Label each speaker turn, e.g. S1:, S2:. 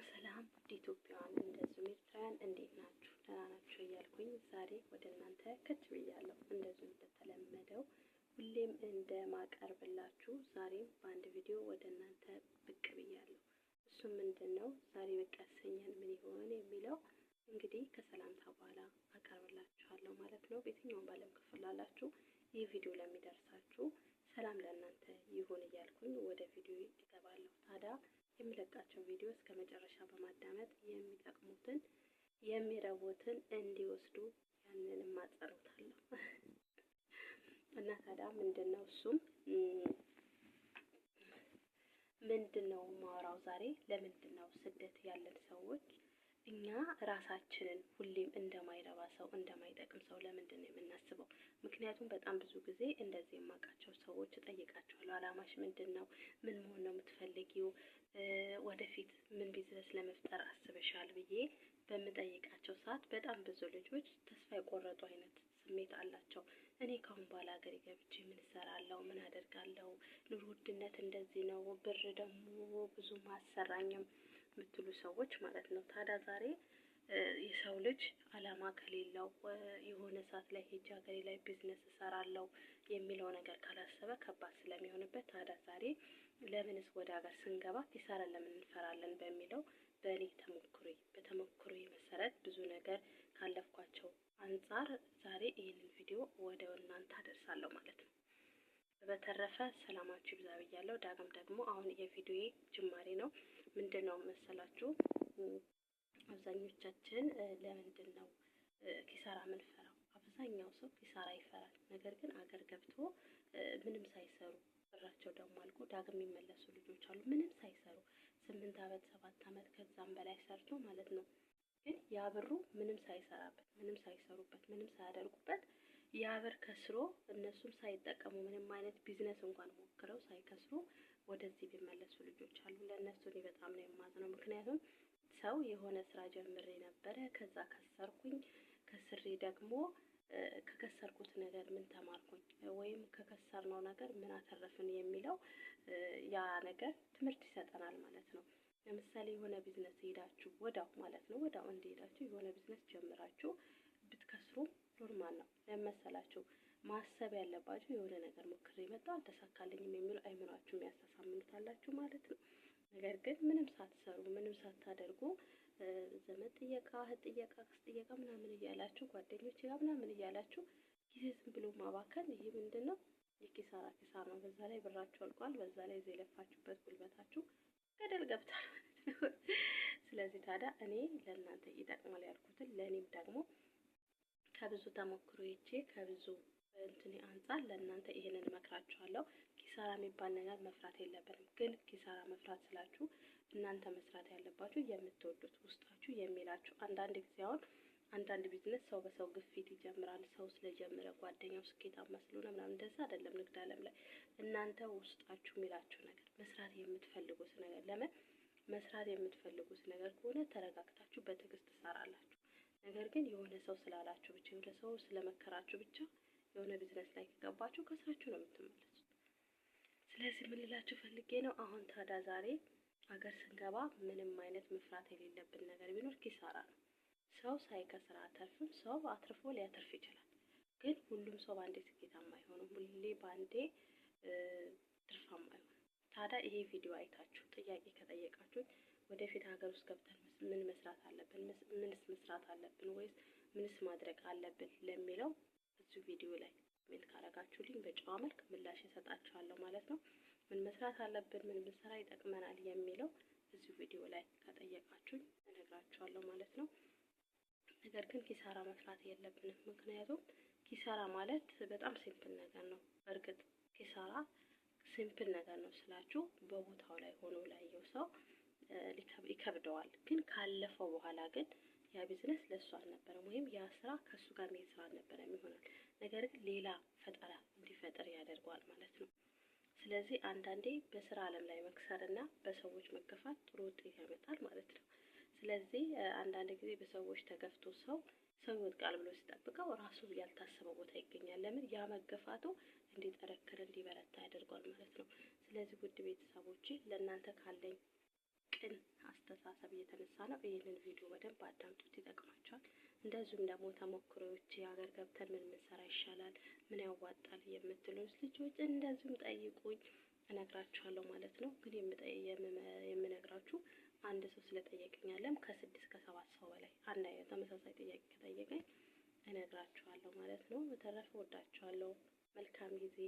S1: ሰላም ሰላም ውድ ኢትዮጵያውያን እንደዚሁም ኤርትራውያን እንዴት ናችሁ? ደህና ናችሁ እያልኩኝ ዛሬ ወደ እናንተ ከች ብያለሁ። እንደዚሁም እንደተለመደው ሁሌም እንደማቀርብላችሁ ዛሬም በአንድ ቪዲዮ ወደ እናንተ ብቅ ብያለሁ። እሱም ምንድን ነው ዛሬ ብቅ ያሰኘን ምን ይሆን የሚለው እንግዲህ ከሰላምታ በኋላ አቀርብላችኋለሁ ማለት ነው። በየትኛውም ባለም ክፍል ላላችሁ ይህ ቪዲዮ ለሚደርሳችሁ ሰላም ለእናንተ ይሁን እያልኩኝ ወደ ቪዲዮ ይገባለሁ ታዲያ የምለቃቸው ቪዲዮ እስከ መጨረሻ በማዳመጥ የሚጠቅሙትን የሚረቡትን እንዲወስዱ ያንን አጸሩታለሁ እና ታዲያ ምንድን ነው እሱም ምንድን ነው ማወራው ዛሬ ለምንድን ነው ስደት ያለን ሰዎች እኛ ራሳችንን ሁሌም እንደማይረባ ሰው እንደማይጠቅም ሰው ለምንድን ነው የምናስበው? ምክንያቱም በጣም ብዙ ጊዜ እንደዚህ የማውቃቸው ሰዎች እጠይቃቸዋለሁ። አላማሽ ምንድን ነው? ምን መሆን ነው የምትፈልጊው? ወደፊት ምን ቢዝነስ ለመፍጠር አስበሻል? ብዬ በምጠይቃቸው ሰዓት በጣም ብዙ ልጆች ተስፋ የቆረጡ አይነት ስሜት አላቸው። እኔ ካሁን በኋላ ሀገሬ ገብቼ ምን እሰራለሁ? ምን አደርጋለሁ? ኑሮ ውድነት እንደዚህ ነው፣ ብር ደግሞ ብዙም አሰራኝም የምትሉ ሰዎች ማለት ነው። ታዲያ ዛሬ የሰው ልጅ አላማ ከሌለው የሆነ ሰዓት ላይ ሄጄ ሀገሬ ላይ ቢዝነስ እሰራለሁ የሚለው ነገር ካላሰበ ከባድ ስለሚሆንበት ታዲያ ዛሬ ለምንስ ወደ ሀገር ስንገባ ኪሳራ ለምን እንፈራለን በሚለው በእኔ ተሞክሮ በተሞክሮ መሰረት ብዙ ነገር ካለፍኳቸው አንጻር ዛሬ ይህንን ቪዲዮ ወደ እናንተ አደርሳለሁ ማለት ነው። በተረፈ ሰላማችሁ ይብዛ ብያለሁ። ዳግም ደግሞ አሁን የቪዲዮ ጅማሬ ነው። ምንድን ነው መሰላችሁ አብዛኞቻችን ለምንድን ነው ኪሳራ ምንፈራው? አብዛኛው ሰው ኪሳራ ይፈራል። ነገር ግን አገር ገብቶ ምንም ሳይሰሩ ብራቸው ደግሞ አልቆ ዳግም የሚመለሱ ልጆች አሉ። ምንም ሳይሰሩ ስምንት አመት ሰባት አመት ከዛም በላይ ሰርቶ ማለት ነው። ግን ያ ብሩ ምንም ሳይሰራበት ምንም ሳይሰሩበት ምንም ሳያደርጉበት ያ ብር ከስሮ እነሱም ሳይጠቀሙ ምንም አይነት ቢዝነስ እንኳን ሞክረው ሳይከስሩ ወደዚህ ቢመለሱ ልጆች አሉ። ለእነሱ እኔ በጣም ነው የማዝነው። ምክንያቱም ሰው የሆነ ስራ ጀምሬ ነበረ፣ ከዛ ከሰርኩኝ። ከስሬ ደግሞ ከከሰርኩት ነገር ምን ተማርኩኝ፣ ወይም ከከሰርነው ነገር ምን አተረፍን የሚለው ያ ነገር ትምህርት ይሰጠናል ማለት ነው። ለምሳሌ የሆነ ቢዝነስ ሄዳችሁ ወዳው ማለት ነው ወዳው እንደሄዳችሁ የሆነ ማሰብ ያለባቸው የሆነ ነገር ሞክሬ መጣሁ አልተሳካልኝም የሚሉ አይምሯችሁም ያስተሳምኑታላችሁ ማለት ነው። ነገር ግን ምንም ሳትሰሩ ምንም ሳታደርጉ ዘመድ ጥየቃ፣ እህት ጥየቃ፣ ክስ ጥየቃ ምናምን እያላችሁ ጓደኞች ጋር ምናምን እያላችሁ ጊዜ ዝም ብሎ ማባከን ይህ ምንድን ነው? የኪሳራ ኪሳራ ነው። በዛ ላይ ብራችሁ አልቋል። በዛ ላይ እዚህ የለፋችሁበት ጉልበታችሁ ገደል ገብቷል ማለት ነው። ስለዚህ ታዲያ እኔ ለእናንተ ይጠቅማል ያልኩትን ለእኔም ደግሞ ከብዙ ተሞክሮ ይቼ ከብዙ እንትኔ አንጻር ለእናንተ ይህንን መክራችኋለሁ። ኪሳራ የሚባል ነገር መፍራት የለብንም። ግን ኪሳራ መፍራት ስላችሁ እናንተ መስራት ያለባችሁ የምትወዱት ውስጣችሁ የሚላችሁ አንዳንድ ጊዜ አሁን አንዳንድ ቢዝነስ ሰው በሰው ግፊት ይጀምራል። ሰው ስለጀመረ ጓደኛው ስኬታማ ስለሆነ ምናምን እንደዛ አይደለም። ንግድ አለም ላይ እናንተ ውስጣችሁ የሚላችሁ ነገር መስራት የምትፈልጉት ነገር ለምን መስራት የምትፈልጉት ነገር ከሆነ ተረጋግታችሁ በትዕግስት ትሰራላችሁ። ነገር ግን የሆነ ሰው ስላላችሁ ብቻ የሆነ ሰው ስለመከራችሁ ብቻ የሆነ ቢዝነስ ላይ ከገባችሁ ከስራችሁ ነው የምትመለሱት። ስለዚህ የምንላችሁ ፈልጌ ነው። አሁን ታዳ ዛሬ ሀገር ስንገባ ምንም አይነት መፍራት የሌለብን ነገር ቢኖር ኪሳራ ነው። ሰው ሳይከስር አተርፍም። ሰው አትርፎ ሊያተርፍ ይችላል፣ ግን ሁሉም ሰው በአንዴ ስኬታማ አይሆንም። ሁሌ በአንዴ ትርፋማ አይሆንም። ታዲያ ይሄ ቪዲዮ አይታችሁ ጥያቄ ከጠየቃችሁ ወደፊት ሀገር ውስጥ ገብተን ምን መስራት አለብን፣ ምንስ መስራት አለብን፣ ወይስ ምንስ ማድረግ አለብን ለሚለው እዚሁ ቪዲዮ ላይ ሜል ካረጋችሁልኝ በጨዋ መልክ ምላሽ እሰጣችኋለሁ ማለት ነው። ምን መስራት አለብን፣ ምን ብንሰራ ይጠቅመናል የሚለው እዚሁ ቪዲዮ ላይ ከጠየቃችሁኝ እነግራችኋለሁ ማለት ነው። ነገር ግን ኪሳራ መስራት የለብንም። ምክንያቱም ኪሳራ ማለት በጣም ሲምፕል ነገር ነው። በእርግጥ ኪሳራ ሲምፕል ነገር ነው ስላችሁ በቦታው ላይ ሆኖ ላየው ሰው ይከብደዋል። ግን ካለፈው በኋላ ግን ያ ቢዝነስ ለእሱ አልነበረም፣ ወይም ያ ስራ ከእሱ ጋር የሚሄድ ስራ አልነበረም ይሆናል። ነገር ግን ሌላ ፈጠራ እንዲፈጥር ያደርገዋል ማለት ነው። ስለዚህ አንዳንዴ በስራ አለም ላይ መክሰር እና በሰዎች መገፋት ጥሩ ውጤት ያመጣል ማለት ነው። ስለዚህ አንዳንድ ጊዜ በሰዎች ተገፍቶ ሰው ሰው ይወድቃል ብሎ ሲጠብቀው ራሱ ያልታሰበ ቦታ ይገኛል። ለምን ያ መገፋቱ እንዲጠረክር እንዲበረታ ያደርገዋል ማለት ነው። ስለዚህ ውድ ቤተሰቦች ለእናንተ ካለኝ ቅን አስተሳሰብ እየተነሳ ነው። ይህንን ቪዲዮ በደንብ አዳምጡት፣ ይጠቅማቸዋል። እንደዚሁም ደግሞ ተሞክሮዎች የሀገር ገብተን ምን ምንሰራ ይሻላል፣ ምን ያዋጣል የምትሉ ልጆች እንደዚሁም ጠይቁኝ፣ እነግራችኋለሁ ማለት ነው። ግን የምነግራችሁ አንድ ሰው ስለጠየቀኝ አለም ከስድስት ከሰባት ሰው በላይ አንድ ተመሳሳይ ጥያቄ ከጠየቀኝ እነግራችኋለሁ ማለት ነው። በተረፈ ወዳችኋለሁ። መልካም ጊዜ